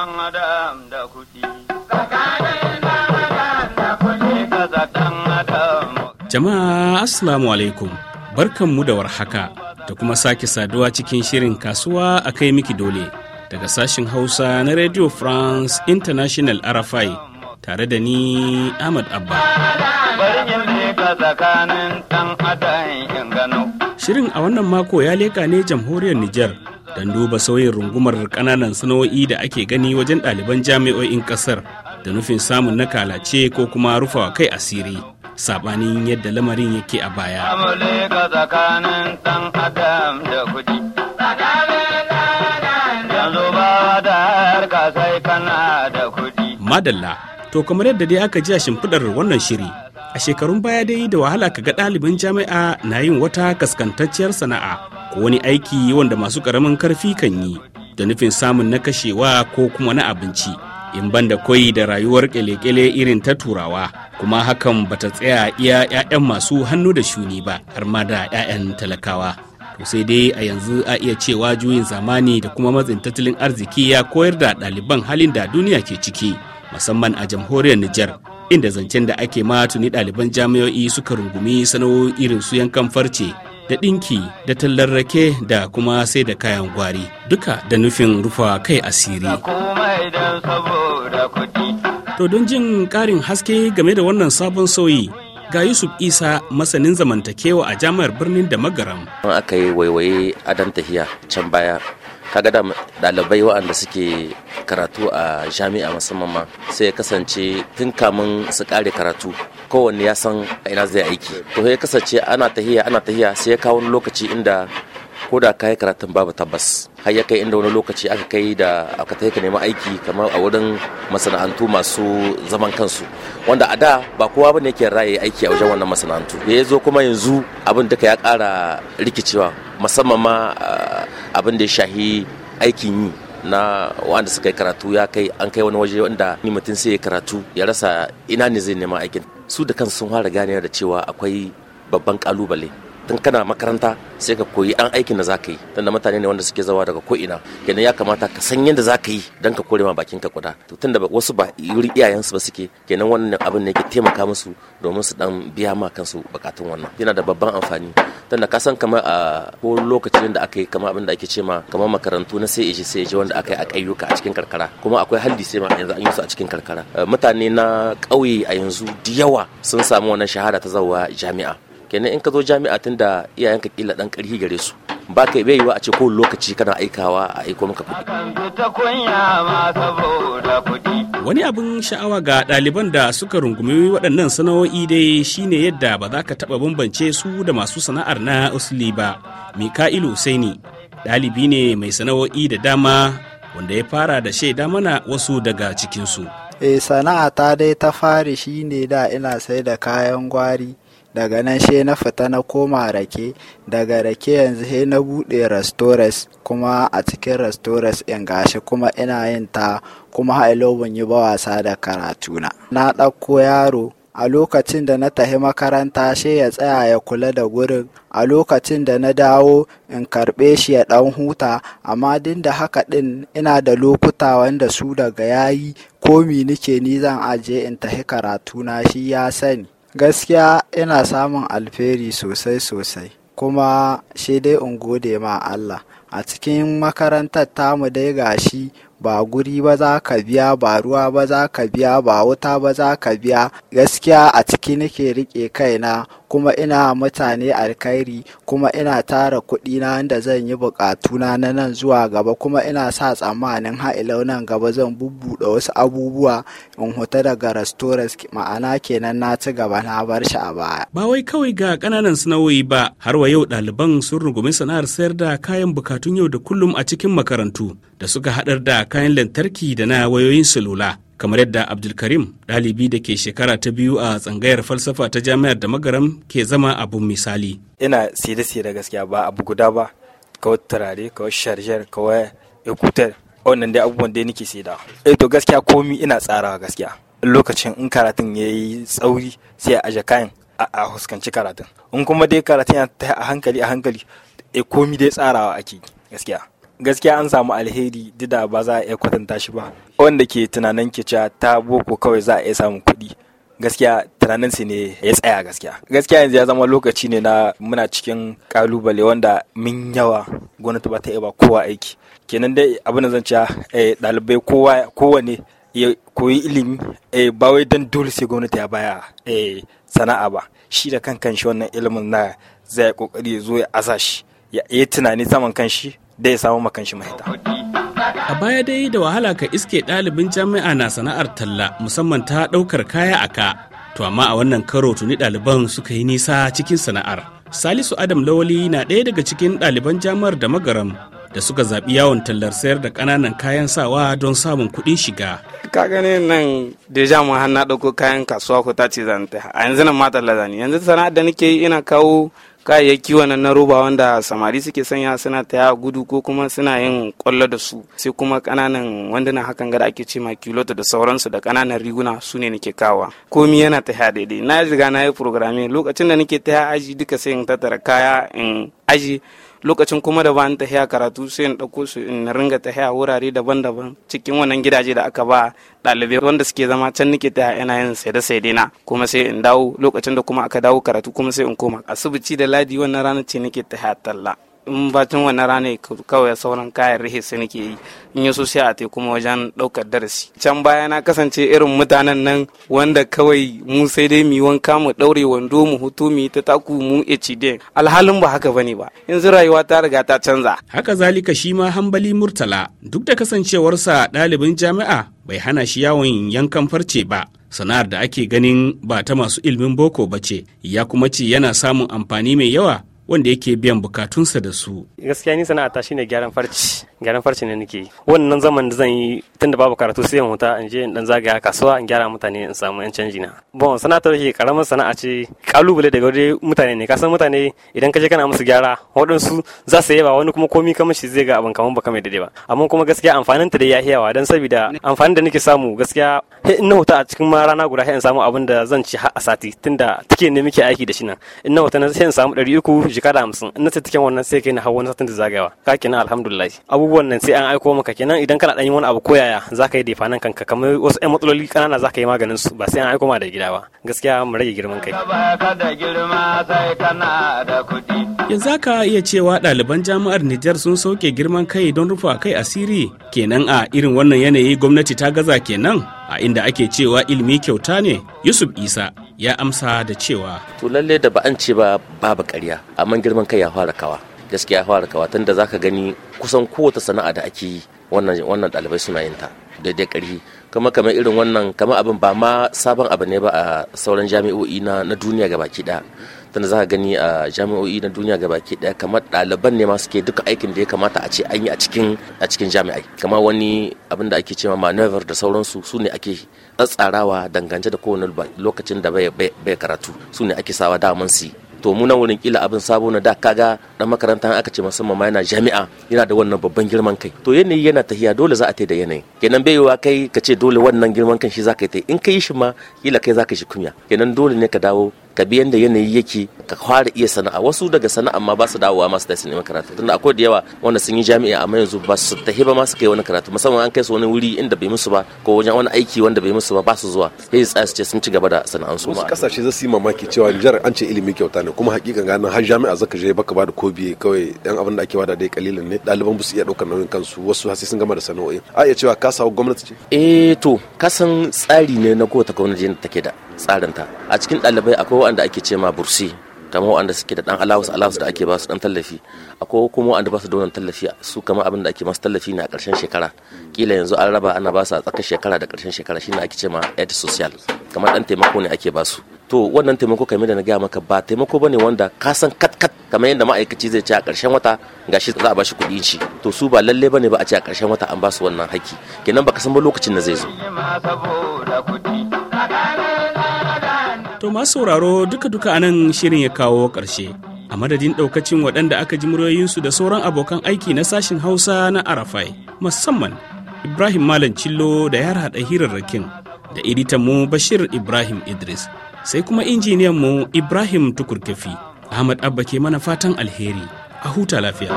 adam da kuɗi. Jama'a Assalamu alaikum, barkanmu da warhaka da kuma sake saduwa cikin shirin kasuwa a kai miki dole daga sashen Hausa na Radio France International RFI tare da ni Ahmad Abba. Shirin a wannan mako ya leka ne jamhuriyar Nijar. don duba sauyin rungumar kananan sana'o'i da ake gani wajen ɗaliban jami'o'in ƙasar da nufin samun na kalace ko kuma rufawa kai asiri saɓanin yadda lamarin yake a baya. Madalla To kamar yadda dai aka ji a shimfiɗar wannan shiri, a shekarun baya dai da wahala ka ga ɗalibin jami'a na yin wata kaskantacciyar sana'a ko wani aiki wanda masu ƙaramin karfi kan yi da nufin samun na kashewa ko kuma na abinci. In ban da koyi da rayuwar ƙele-ƙele irin ta turawa, kuma hakan bata tsaya iya 'ya'yan masu hannu da shuni ba har ma da 'ya'yan talakawa. to sai dai a yanzu a iya cewa juyin zamani da kuma matsin tattalin arziki ya koyar da ɗaliban halin da duniya ke ciki musamman a jamhuriyar Nijar inda zancen da ake ma tuni ɗaliban jami'o'i suka rungumi sana'o'i irin su yankan farce da ɗinki da tallar rake da kuma sai da kayan gwari duka da nufin rufa kai asiri. To don jin ƙarin haske game da wannan sabon sauyi ga Yusuf Isa masanin zamantakewa a jami'ar birnin da magaram. aka yi waiwaye adan tahiya can baya kaga da dalibai waɗanda suke karatu a jami'a musamman ma sai ya kasance tun kamun su ƙare karatu kowanne ya san ina zai aiki to ya kasance ana tahiya ana tahiya sai ya kawo lokaci inda ko da kai karatun babu tabbas har ya kai inda wani lokaci aka kai da aka tafi ka nemi aiki kamar a wurin masana'antu masu zaman kansu wanda a da ba kowa bane yake raye aiki a wajen wannan masana'antu ya zo kuma yanzu abin duka ya ƙara rikicewa musamman ma abin da ya shahi aikin yi na wanda suka yi karatu ya kai an kai wani waje wanda ni mutum sai ya karatu ya rasa ina ne zai nema aikin su da kansu sun fara ganewa da cewa akwai babban kalubale tun kana makaranta sai ka koyi an aikin da zaka yi tunda mutane ne wanda suke zawa daga ko ina kenan ya kamata ka san yadda zaka yi dan ka kore ma bakin ka kuda to tunda wasu ba yuri iyayensu ba suke kenan wannan abin ne yake taimaka musu domin su dan biya ma kansu bukatun wannan yana da babban amfani tunda ka san kamar a ah, ko lokacin da aka yi kamar abin da ake ce kamar makarantu na sai eji sai eji wanda aka yi a kayyuka a cikin karkara kuma akwai haldi sai ma yanzu an yi su a cikin karkara eh, mutane na ƙauye a yanzu da sun samu wannan shahada ta zawa jami'a kenan in ka zo jami'a tun da iyayenka kila dan karhi gare su ba ka bai yiwa a ce ko lokaci kana aikawa a aiko maka kuɗi. wani abin sha'awa ga ɗaliban da suka rungumi waɗannan sana'o'i dai shine yadda ba za ka taɓa bambance su da masu sana'ar na usuli ba mika'ilu saini ɗalibi ne mai sana'o'i da dama wanda ya fara da shaida mana wasu daga cikinsu. Eh, sana'a ta dai ta fari shine da ina sai da kayan gwari daga nan she na fita na koma rake daga rake yanzu he na buɗe restores kuma a cikin restores in gashi kuma ina yin ta kuma hailo ban yi ba wasa da karatuna na ɗauko yaro a lokacin da na tafi makaranta she ya tsaya ya kula da gurin a lokacin da na dawo in karɓe shi ya ɗan huta amma din da haka ɗin ina da lokuta wanda su daga yayi komi nike ni zan aje in tafi karatuna shi ya sani Gaskiya ina samun alferi sosai sosai kuma shi dai in gode ma Allah. A cikin makarantar tamu dai gashi ba guri ba za ka biya ba ruwa ba za ka biya ba wuta ba za ka biya gaskiya a ciki nake rike kaina kuma ina mutane alkhairi kuma ina tara kuɗi na da zan yi bukatuna na nan zuwa gaba kuma ina sa tsammanin ha'ilau nan gaba zan bubbuɗe wasu abubuwa in huta daga restaurants ma'ana kenan na ci gaba na bar shi a baya. Ba wai kawai ga kananan sanawoyi ba har wa yau ɗaliban sun rungumi sana'ar sayar da kayan bukatun yau da kullum a cikin makarantu da suka haɗar da kayan lantarki da na wayoyin salula kamar yadda abdulkarim ɗalibi da ke shekara ta biyu a tsangayar falsafa ta jami'ar da magaram ke zama abun misali ina sire sire gaskiya ba abu guda ba kawai turare kawai sharjar kawai ekutar wannan dai abubuwan dai nake saida eh to gaskiya komi ina tsarawa gaskiya lokacin in karatun ya yi tsauri sai a aje kayan a huskanci karatun in kuma dai karatun ya ta a hankali a hankali e komi dai tsarawa ake gaskiya gaskiya an samu alheri dida ba za a iya kwatanta shi ba wanda ke tunanin ke cewa ta boko kawai za a iya samun kuɗi gaskiya tunanin su ne ya tsaya gaskiya gaskiya yanzu ya zama lokaci ne na muna cikin kalubale wanda min yawa gwamnati ba ta iya ba kowa aiki kenan dai abin da zan cewa eh, ɗalibai kowa kowane ya koyi ilimi eh, ba wai don dole sai gwamnati ya baya eh, sana'a ba shi da kan kanshi wannan ilimin na zai kokari ya zo ya asa shi ya yi tunani saman kanshi da ya samu makanshi mahita. A baya dai da wahala ka iske ɗalibin jami'a na sana'ar talla musamman ta ɗaukar kaya a ka. To amma a wannan karo tuni ɗaliban suka yi nisa cikin sana'ar. Salisu Adam Lawali na ɗaya daga cikin ɗaliban jami'ar da magaram da suka zaɓi yawon tallar sayar da ƙananan kayan sawa don samun kuɗin shiga. Ka gani nan deja mu hannu na ɗauko kayan kasuwa ko ta ce zan ta yanzu nan ma talla zani yanzu sana'ar da nake yi ina kawo kayayyaki wannan na roba wanda samari suke sanya suna taya gudu ko kuma suna yin kwallo da su sai kuma kananan wanduna hakan gada ake ce kilota da sauransu da kananan riguna su ne nake kawa komi yana taya daidai na riga na yi programming lokacin da nake taya aji duka sai in tattara kaya in aji lokacin kuma da ba ta haya karatu sai in ɗauko su in ringa ta haya wurare daban-daban cikin wannan gidaje da aka ba ɗalibai wanda suke zama can nake ta ina yin saide na kuma sai in dawo lokacin da kuma aka dawo karatu kuma sai in koma asibiti da ladi wannan ranar ce nake ta haya talla in batun wannan rana kawai sauran kayan rihe su nake yi in yi su a te kuma wajen ɗaukar darasi can baya na kasance irin mutanen nan wanda kawai mu sai dai mu wanka mu ɗaure wando mu hutu mu ta taku mu ecide alhalin ba haka bane ba In yanzu rayuwa ta riga ta canza haka zalika shi ma hambali murtala duk da kasancewarsa ɗalibin jami'a bai hana shi yawon yankan farce ba sana'ar da ake ganin ba ta masu ilmin boko ba ce ya kuma ce yana samun amfani mai yawa wanda yake biyan bukatunsa da su gaskiya ni sana'a ta shine gyaran farci gyaran farcin ne nake wannan zaman da zan yi tunda babu karatu sai in huta in je in dan zagaya kasuwa in gyara mutane in samu yan canji na bon sanatar shi karamar sana'a ce kalubale daga wajen mutane ne kasan mutane idan ka je kana musu gyara waɗansu za su yaba wani kuma komi kamar shi zai ga abin kamar baka mai daidai ba amma kuma gaskiya amfanin ta da ya hiyawa dan saboda amfanin da nake samu gaskiya in na huta a cikin ma rana guda in samu abin da zan ci a sati tunda take ne muke aiki da shi nan in na huta na sai in samu 300 jikada 50 in na tattakin wannan sai kai na hawa na satin da zagayawa kake na alhamdulillah abubuwa abubuwan nan sai an aiko maka kenan idan kana dan yi wani abu ko yaya za ka yi da nan kanka kamar wasu ƴan matsaloli kanana zaka ka yi maganin su ba sai an aiko ma da gida ba gaskiya mu rage girman kai yanzu ka iya cewa ɗaliban jami'ar Nijar sun sauke girman kai don rufa kai asiri kenan a irin wannan yanayi gwamnati ta gaza kenan a inda ake cewa ilimi kyauta ne Yusuf Isa ya amsa da cewa to lalle da ba an ce ba babu ƙarya amma girman kai ya fara kawa gaskiya fara kawa tunda zaka gani kusan kowace sana'a da ake yi wannan wannan ɗalibai suna yin ta daidai ƙarfi kuma kamar irin wannan kamar abin ba ma sabon abu ne ba a sauran jami'o'i na na duniya gabaki ɗaya tunda za ka gani a jami'o'i na duniya gabaki ɗaya kamar ɗaliban ne ma suke duka aikin da ya kamata a ce an yi a cikin a cikin jami'ai kamar wani abin da ake cewa manoeuvre da sauransu su ne ake tsatsarawa dangance da kowane lokacin da bai karatu su ne ake sawa daman su to mu wurin kila abin sabo na da kaga dan makaranta aka ce musamman ma yana jami'a yana da wannan babban girman kai to yanayi yana tahiya dole za a tai da yanayi kenan bai yiwa kai ka ce dole wannan girman kan shi zaka ka yi in ka yi shi ma kila kai za ka shi kunya kenan dole ne ka dawo ka bi da yanayi yake ka fara iya sana'a wasu daga sana'a ma ba su dawowa masu su nemi karatu tunda akwai da yawa wanda sun yi jami'a amma yanzu ba su tafi ba ma su kai wani karatu musamman an kai su wani wuri inda bai musu ba ko wajen wani aiki wanda bai musu ba ba su zuwa sai su tsaya su ce sun ci gaba da sana'an su ma kasashe za su yi mamaki cewa jar an ce ilimi kyauta ne kuma hakikan ganin har jami'a zaka je baka ba da kobi kawai dan abin da ake wada dai kalilan ne daliban ba su iya daukar nauyin kansu wasu har sai sun gama da sana'o'i a iya cewa ka sawo gwamnati ce eh to kasan tsari ne na kowace gwamnati da take da tsarinta a cikin ɗalibai akwai waɗanda ake ce ma bursi kamar waɗanda suke da dan alawus alawus da ake ba su ɗan tallafi akwai kuma waɗanda ba su da wannan tallafi su kamar abin da ake masu tallafi na karshen shekara kila yanzu an raba ana ba su a tsakar shekara da karshen shekara shine ake ce ma aid social kamar ɗan taimako ne ake ba su to wannan taimako kamar da na gaya maka ba taimako bane wanda ka san kat kat kamar yadda ma'aikaci zai ce a karshen wata gashi za a ba shi kuɗi shi to su ba lalle bane ba a ce a karshen wata an ba su wannan haƙƙi kenan baka san ba lokacin da zai zo To masu sauraro duka-duka anan shirin ya kawo ƙarshe. A madadin ɗaukacin waɗanda aka ji muryoyinsu da sauran abokan aiki na sashin Hausa na Arafai, musamman Ibrahim Malam Cillo da ya haɗa hirarrakin da editan mu Bashir Ibrahim Idris, sai kuma injiniyan mu Ibrahim Tukurkafi, Ahmad Abba ke mana fatan alheri, a huta lafiya.